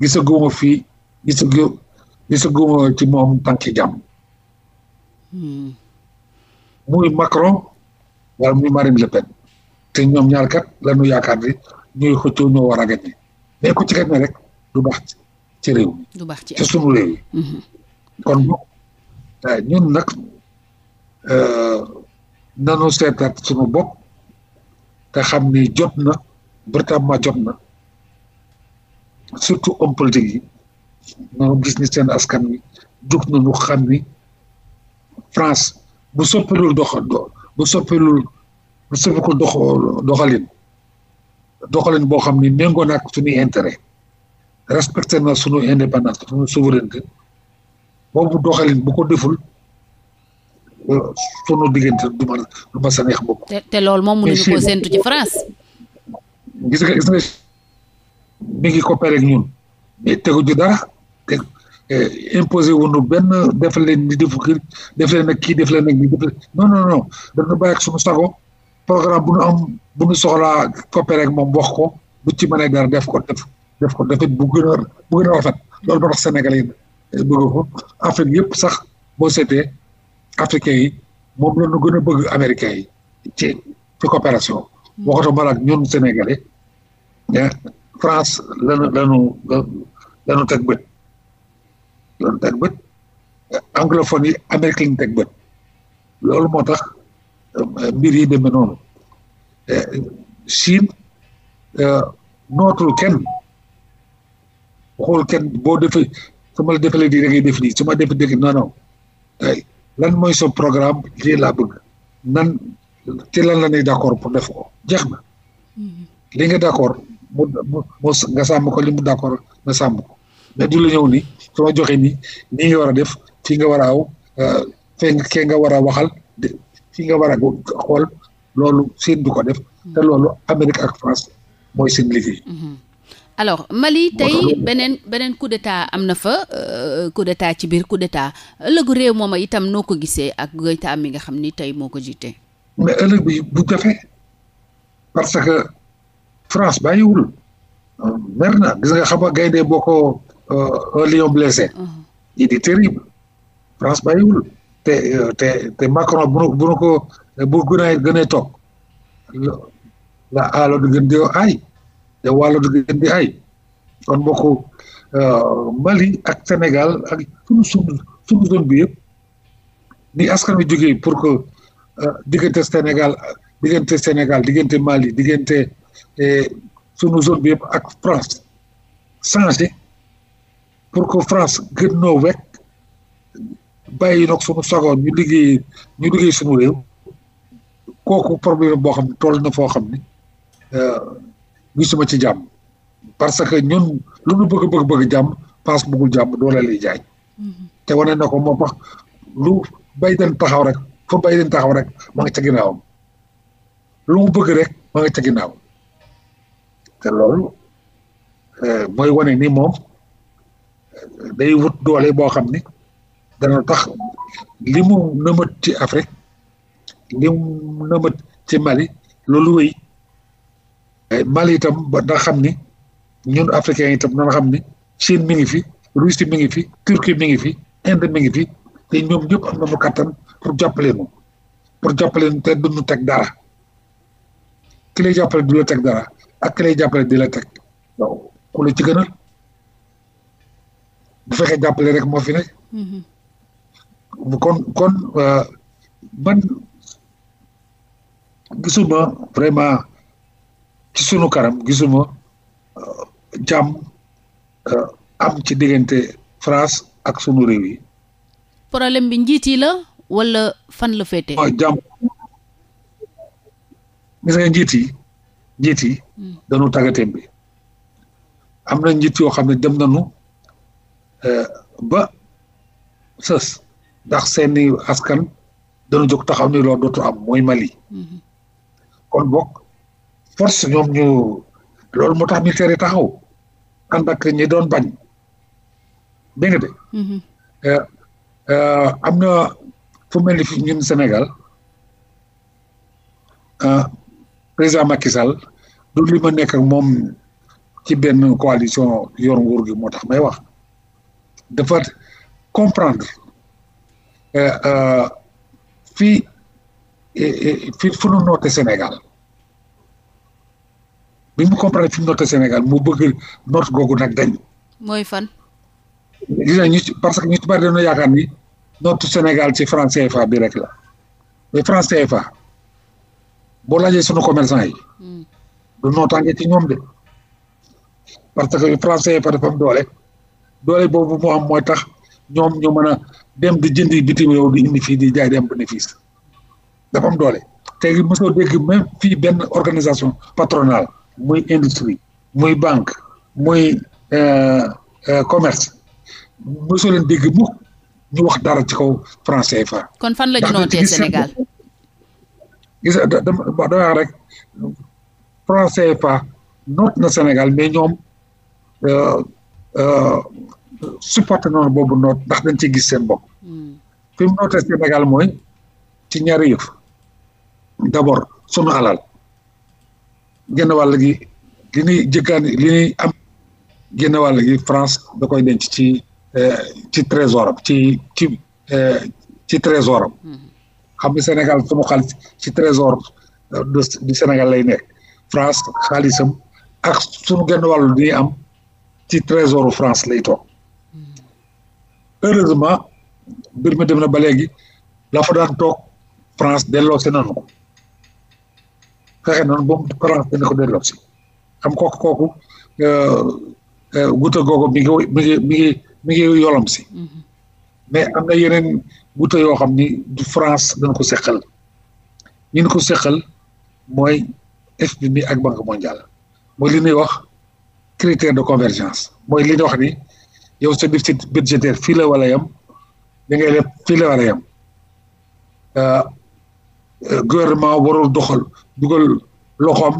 gisaguma fii gisagu gisaguma ci moom tànki jàmm hmm. muy Macron wala muy Marine Le Pen te ñoom ñaar kat la ñu yaakaar ni ñuy xëccoo ñoo war a ku ci gañe rek du baax ci réew ci sunu réew mm-hmm. kon bo eh, ñun nag eh, nanu seetaat sunu bopp te xam ni jot na véritablement jot na surtout homme politique yi ñoo gis ni seen askan wi jug na ñu xam ni France bu soppilul dox bu soppilul bu soppikul dox doxalin doxalin boo xam ni méngoo na ak suñuy intérêt na suñu indépendance suñu souveraineté boobu doxalin bu ko deful sunu diggante du ma du ma sa neex bopp. te te loolu moom mënuñu ko séntu ci France. gis nga gis nga mi ngi coopéré ak ñun mais tegu ju dara te imposé wuñu benn def leen di def kii def leen ak kii def leen ak kii non non non dañu bàyyi ak sunu sago programme bu nu am bu nu moom wax ko bu ci mënee dara def ko def def ko defit bu gën a rafet loolu ba tax Sénégal yi ko Afrique yëpp sax boo seetee. africains yi moom la ñu gën a bëgg américains yi ci ci coopération. Hmm. waxatuma ak ñun sénégalais mais France lanu lanu lanu teg bët lanu teg bët anglophone yi teg bët loolu moo tax euh, mbir yi demee noonu Chine euh, nootul kenn waxul kenn boo defee su ma la defalee di da ngay def nii su lan mooy so programme lii laa bëgg nan te lan la ñuy d'accord pour def ko jeex na mm-hmm. li nga d'accord mu mu nga sàmm ko li mu d'accord na sàmm ko mais du la ñëw ni su ma joxe ni nii war a def fii nga war a aw euh, fee kee nga war a waxal fii nga war a xool loolu seen du ko def te mm-hmm. loolu Amérique ak France mooy seen liggéey mm-hmm. alors Mali tey beneen beneen coup am na fa coup d'état ci biir coup d'état ëllëgu réew mooma itam noo ko gisee ak Goïta mi nga xam ni tey moo ko jiite. mais ëllëg bi bu jafe parce que France bàyyiwul mer na gis nga xam nga gaynde boo ko un lion terrible France bàyyiwul te te te Macron bu nu bu nu ko bu gën a gën toog la aalo di gën di ay. te wàllu gën di ay kon mbokku euh, Mali ak Sénégal ak sunu sunu sunu zone bi yëpp ni askan wi jógee pour que euh, diggante Sénégal diggante Sénégal diggante Mali diggante eh, sunu zone bi yëpp ak France changé pour que France gën noo wekk bàyyi nag sunu sagoon ñu liggéey ñu liggéey sunu réew kooku problème boo xam toll na foo xam ne euh, gisuma ci jàmm parce que ñun lu nu bëgg bëgg bëgg jàmm paas bëggul jàmm doole lay jaay. Mm-hmm. te wane na ko moo tax lu bay den taxaw rek fa bay den taxaw rek ma nga lu mu bëgg rek ma nga te loolu euh, mooy wane ni moom euh, day wut doole boo xam ni dana tax li nëmët ci Afrique li nëmët ci Mali loolu wéy Eh, Mali itam ba nga xam ni ñun africains itam na nga xam ni Chine mi ngi fi Russie mi ngi fi Turquie mi ngi fi Inde mi ngi fi te ñoom ñëpp am nañu kattan pour jàppale ñu pour jàppale ñu te duñu teg dara ki lay jàppale du la teg dara ak ki la ci gënal bu fekkee jàppale rek moo fi ne. Mm-hmm. kon kon euh, man gisuma ci sunu karam gisuma euh, jàmm euh, am ci diggante France ak sunu réew yi. problème bi njiit yi la wala fan la féete. waaw jàmm gis nga njiit yi njiit yi. Hmm. dañu bi am na njiit yoo xam ne dem nañu euh, ba sës ndax seeni askan dañu jóg taxaw ni loolu am mooy Mali. Hmm. kon bokk. force ñoom ñu loolu moo tax militaire yi taxaw ànd ñi doon bañ dégg nga de mhm. euh, euh, am na fu mel ni Sénégal euh, président Macky Sall du li ma nekk ak ci benn coalition yor nguur gi moo tax may wax dafa comprendre fii fii fu nu noote Sénégal bi mu comprendre fi mu noté Sénégal mu bëgg note googu nag dañ. mooy fan. dina ñu parce que ni ci bari dañoo yaakaar ni note Sénégal ci franc CFA bi rek la mais franc CFA boo laajee sunu commerçant yi. Hmm. du nootaange ci ñoom de parce que franc CFA dafa am doole doole boobu moo am mooy tax ñoom ñu mën a dem di jëndi bitim réew di indi fii di jaay di am bénéfice dafa am doole. tey mosoo dégg même fii benn organisation patronale. muy industrie muy banque muy euh, euh, commerce mosoo leen dégg mukk ñu wax dara ci kaw franc fa kon fan la ñu nootee Sénégal gis nga dama dama wax rek franc CFA noot na Sénégal mais ñoom euh, supporté noonu boobu noot ndax dañ ci gis seen bopp. Hmm. fi mu mooy ci ñaari yëf d'abord sunu alal. genn wàll gi li ñuy jëkkaan li ñuy am genn wàll gi France da koy denc ci euh, ci trésor ci ci ci euh, ci trésor mm-hmm. xam nga Sénégal sunu xaalis ci trésor du Sénégal lay ne France xaalisam ak sunu genn wàllu ñuy am ci trésoru France lay toog mm-hmm. heureusement mbir mi dem na ba léegi la fa daan toog France delloo si nanu ko fexe noonu ba mu croissance dana ko delloo si xam kooku kooku euh, euh, mi mm-hmm. am na yoo xam ni du France dana ko seqal ñu ni ko seqal mooy ak banque mondiale mooy li ñuy wax critère de convergence mooy li ñuy wax ni yow sa déficit budgétaire fii la wala yam da ngay wala yam euh, gouvernement warul doxal dugal loxoom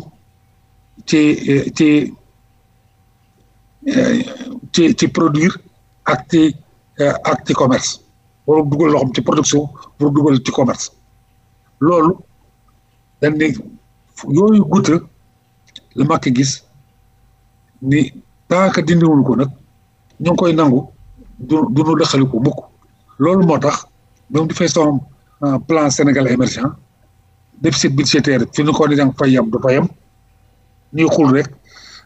ci ci ci ci produire ak ci ci commerce warul dugal loxoom ci production warul dugal ci commerce loolu dañ ne yooyu guta la makk gis ni taaka dindiwul ko nag ñu ngi koy nangu du du nu dëxali loolu moo tax même du fay son euh, plan Sénégal émergent déficit budgétaire fi ñu ko ni danga fay yam du fa yam ñuy xul rek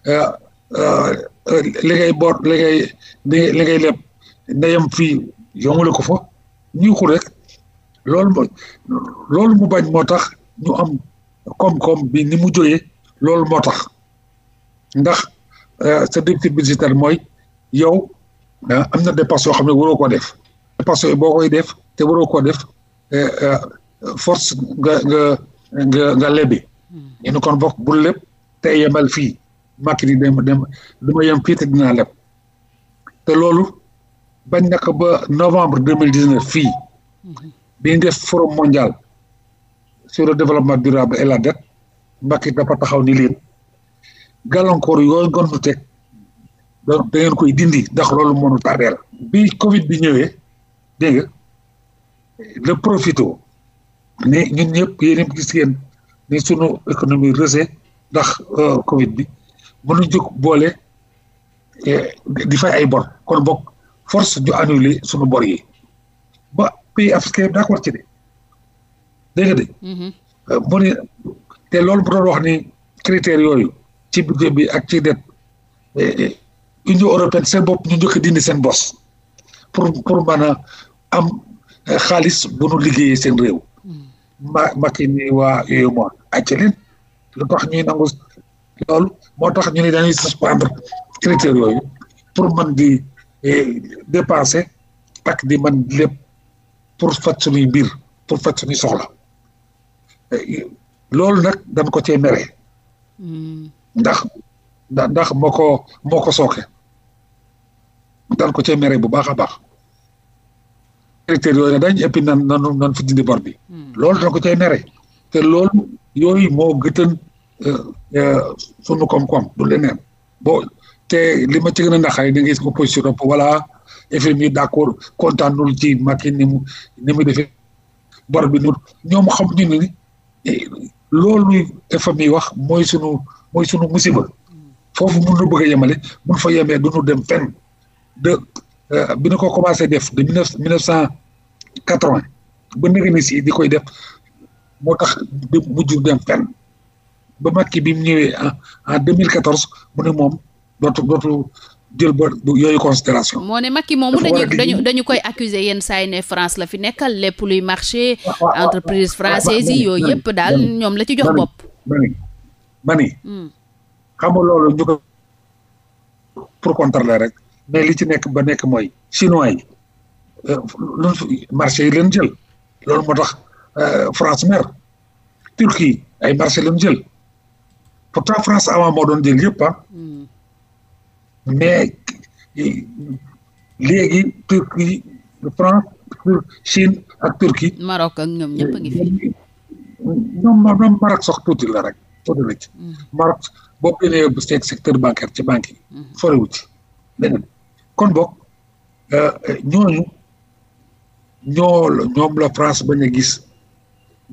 euh, euh, euh, li ngay boor li ngay li ngay leb ndeyam fii yomale ko fa ñuy xul rek loolu mooy loolu mu bañ moo tax ñu am koom-koom bi ni mu jógee loolu moo tax ndax sa déficit budgétaire mooy yow am na dépense yoo xam ne waroo koo def dépense yooyu boo koy def te waroo koo def force nga nga nga nga lebi ñu hmm. kon bokk bu lépp te yemal fii Macky ni dem dem du ma yem fii te dinaa leb te loolu bañ na ba novembre deux mille dix neuf fii hmm. bi ñu def forum mondial sur le développement durable et la dette Macky dafa taxaw ni leen gàllankoor yooyu ngoon nu teg da ngeen koy dindi ndax loolu moo nu tardeel bi Covid bi ñëwee dégg nga le profito ni ñun ñëpp yéen gis ngeen ni sunu économie reset ndax euh, Covid bi mënu jóg boole eh, di fay ay bor kon bokk force ñu annuler sunu bor yi ba pays africain yi d'accord ci de dégg nga de. Mhm. Euh, te loolu bu doon wax ni critères yooyu ci budget bi ak ci dette eh, eh, Union européenne seen bopp ñu njëkk dindi seen bos pour pour mën a am xaalis bu nu liggéeyee seen réew. ma Macky ni waa UEMOA àcc leen lu tax ñuy nangu loolu moo tax ñu ne dañuy suspendre critères yooyu pour man di eh, dépasser ak di mën lépp pour faj suñuy biir pour faj suñuy soxla eh, loolu nag dañ ko cee mere hmm. ndax ndax moo ko moo ko sooke dañ ko cee mere bu baax a baax critères yooyu ne dañ et puis nan nan nan fi dindi bi hmm. loolu dana ko cay mere te loolu yooyu moo gëtën euh, euh, sunu koom-koom du leneen bon te li ma ci gën a naqari da nga gis opposition dop voilà FMI yi d' accord kontaanul ci Macky ni mu ni mu defee bor bi nu ñoom xam ñu ni eh, loolu FMI yi wax mooy sunu mooy sunu musiba hmm. foofu mun nu bëgg a yemale mun fa yemee du nu dem fenn de Euh, bi ñu ko commencé def de mille neuf cent quatre-vingt ba nëgëni si di koy def moo tax mujj dem fenn ba Macky bi mu ñëwee en en deux mille quatorze mu ne moom dootu dootu jël yooyu considération moo ne Macky moomu dañu dañu koy accuser yenn saa ne France la fi nekkal lépp luy marché ah, ah, ah, entreprise française yooyu yëpp daal ñoom la ci jox bopp mani mani hmm. xam nga loolu ñu ko pour contrer rek mais li ci nekk ba nekk mooy chinois yi euh, marché yi leen jël loolu moo tax euh, France mère Turquie ay marché leen jël pourtant France avant moo doon jël yëpp ah hmm. mais léegi Turquie France Chine ak Turquie. Maroc ak ñoom ñëpp a ngi fi. ñoom ñoom Maroc sax tuuti la rek tuuti la ci. Hmm. Maroc boo génnee bu secteur bancaire ci banque yi. Hmm. soriwul ci leneen. kon bokk euh, ñooñu ñoo ñoom la France bañ a gis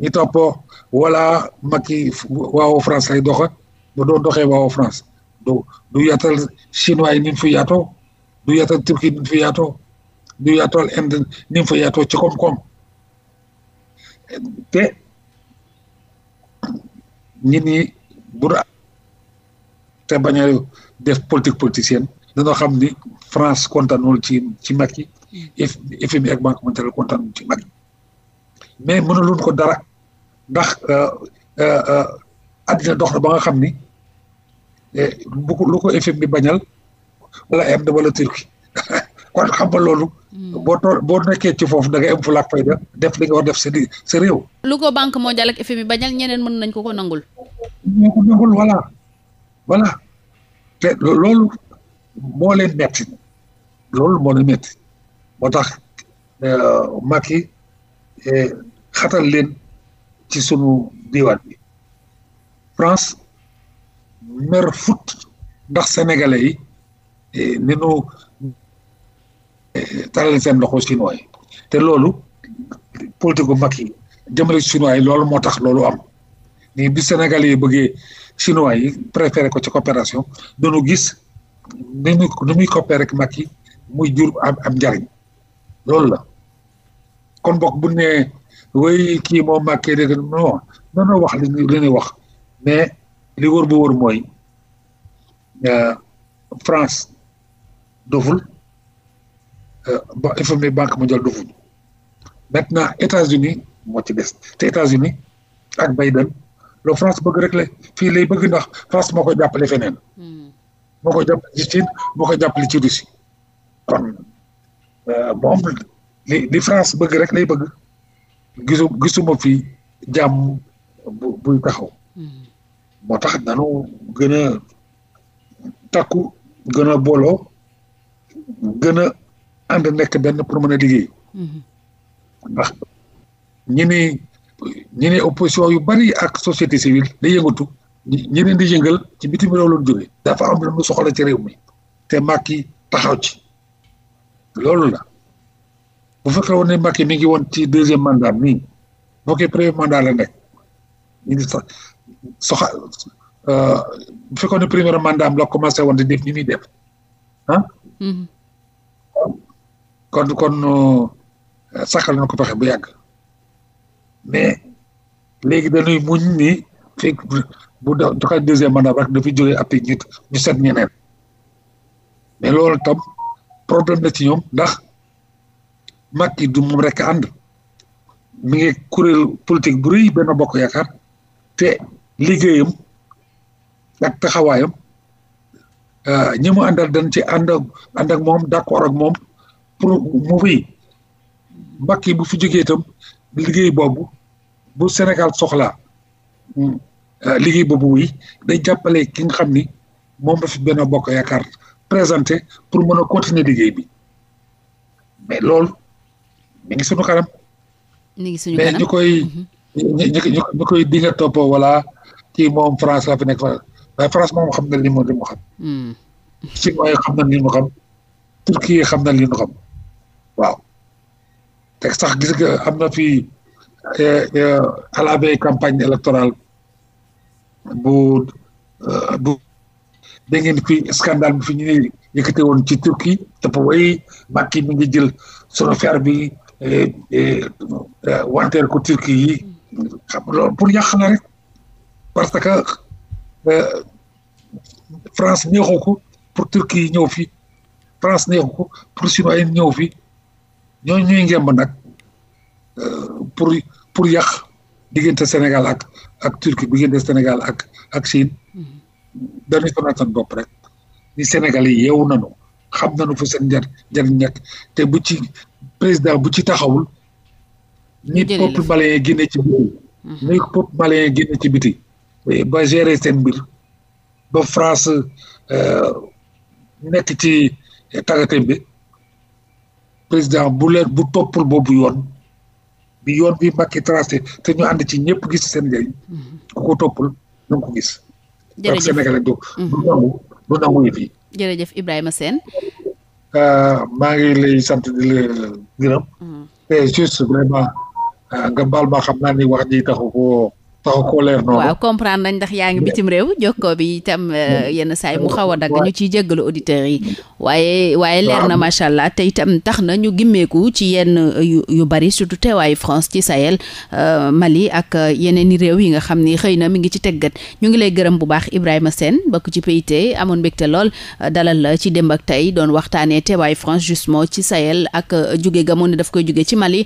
ñu toppoo wala Macky waaw France lay doxa ba doo doxee waaw France du du chinois yi ni mu fi yaatoo du yaatal turquie ni mu fi du yaatal inde ni mu fi yaatoo ci koom-koom te nit ñi te bañ a def politique politicienne dañoo xam ni France kontaanul ci ci Macky FMI ak Banque mondiale kontaanul ci Macky mais mënaluñ ko dara ndax euh, euh, euh, àddina dox na ba nga xam ni eh, bu ko lu ko FMI bañal wala Inde wala Turquie kon xam nga loolu. Hmm. boo too boo ci foofu da ngay am fulaak fayda def li nga war def sa sa réew. lu ko Banque mondiale ak FMI bañal ñeneen mën nañ ko ko nangul. ñoo ko nangul voilà voilà loolu. moo leen metti loolu moo leen metti moo tax euh, Macky eh, xatal leen ci sunu diwaan bi France mer fut ndax sénégalais yi eh, ni nu eh, talal seen loxo chinois te loolu politique gu Macky jëmale chinois yi loolu moo tax loolu am nii bi sénégalais yi bëggee chinois yi préféré ko ci coopération doonu gis ni muy ni muy coppee rek mag yi muy jur am am njariñ loolu la kon bokk bu ne way kii moom màkkee dégg non non wax li ñuy wax mais li wor bu wër mooy euh, France doful euh, ba FMI banque mondiale doful maintenant États-Unis moo ci des te États-Unis ak Biden loo France bëgg rek la fii lay bëgg ndax France moo koy jàppale feneen. Hmm. moo ko jàppale ci Chine moo ko jàppale ci Russie kon moom euh, li li France bëgg rek lay bëgg gisu gisuma fi jàmm bu buy taxaw hmm. moo tax nanu gën a takku gën a booloo gën a ànd nekk benn pour mën a liggéey hmm. ndax ñi yu bari ak société civile day yëngatu ñeneen di yëngal ci bitim réew la jógee dafa am lu soxla ci réew mi te Macky taxaw ci loolu la bu fekkee woon ne Macky mi ngi woon ci deuxième mandat nii bokkee premier mandat la nekk ñu ngi euh, bu fekkoon ne premier mandat am la commencé woon di def ni muy def ah. Mm-hmm. kon kon euh, sakkal na ko pexe bu yàgg mais léegi dañuy muñ ni fekk. bu doxee deuxième mandat rek dafi jógee appui ñu ñu seet ñeneen mais loolu tam problème la ci ñoom ndax Macky du moom rek ànd mi ngi kuréel politique bu rëy benn bokk yaakaar te liggéeyam ak taxawaayam euh, ñi mu àndal dañ ci ànd ànd ak moom d'accord moom pour mu fi Macky bu fi jógee itam liggéey boobu bu Sénégal soxla hmm. Euh, liggéey boobu wuy day jàppale ki nga xam ni moom la ben Benno Bokk Yaakaar présenté pour mën a continuer liggéey bi mais loolu mi ngi suñu kanam. ngi suñu kanam mais mhm. ñu koy. ñu ñu koy di nga wala kii moom France la fi nekk fa France moom xam na li mu li xam. Hmm. Chinois yi xam na li mu xam. Turquie yi xam na li xam waaw. te sax gis nga am na fi à euh, euh, la campagne électorale. bu eh, bu dégg ngeen fi skandal bu fi ñu ne yëkkate woon ci Turquie te way Macky mi ngi jël Sonafar bi eh, eh, wanteer ko Turquie yi xam loolu pour yàq la rek parce que France neexu ko pour Turquie yi ñëw fi France neexu ko pour chinois yi ñëw fi ñoo ñuy ngemb nag pour pour yàq diggante Sénégal ak ak Turquie bu génnee Sénégal ak ak Chine mm-hmm. dañu sonal seen bopp rek ni Sénégal yi na nañu xam nañu fu seen njariñ njariñ nekk te bu ci président bu ci taxawul ni peuple malien génne ci biti mm-hmm. ni peuple malien génne ci biti eh, ba gérer seen mbir ba France euh, nekk ci eh, tagate bi président bu leen bu toppul boobu yoon bi yoon bi Macky tracé te ñu ànd ci ñëpp gis seen njëriñ ku ko toppul na ko gis. jërëjëf Sénégal mm-hmm. du nangu du nangu yëf yi. jërëjëf Ibrahima Sène. Euh, maa ngi lay sant di la gërëm. Mm-hmm. et juste vraiment euh, nga baal ma xam naa ni wax ji taxu taxu koo leer noonu waaw comprendre nañ ndax yaa ngi bitim réew jokkoo bi itam euh, yenn saa yi mu xaw a dagg ñu ciy yi waaye waaye leer na macha allah te tam tax na ñu gimmeeku ci yenn euh, yu bari surtout teewaayu France ci Sahel euh, Mali ak yeneen i réew yi nga xam ni xëy na mu ngi ci teggat ñu ngi lay gërëm bu baax Ibrahima seen bokk ci PIT amoon mbégte lool dalal la ci démb ak tey doon waxtaanee teewaayu France justement ci Sahel ak jóge gamoon ne daf koy jóge ci Mali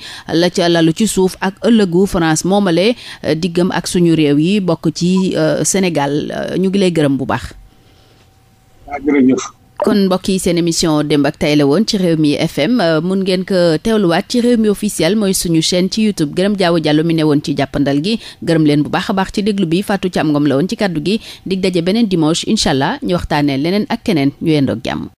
suñu réew yi bokk ci euh, Sénégal euh, ñu ngi lay gërëm bu baax. Ah, kon mbokk yi seen émission démb ak tay woon ci réew mi FM euh, mun ngeen ko teewluwaat ci réew mi officiel mooy suñu chaîne ci YouTube gërëm jaawo jàll mi ne woon ci jàppandal gi gërëm leen bu baax a baax ci déglu bi Fatou Thiam Ngom la woon ci kàddu gi dig daje beneen dimanche incha allah ñu waxtaanee leneen ak keneen ñu yendoog jàmm.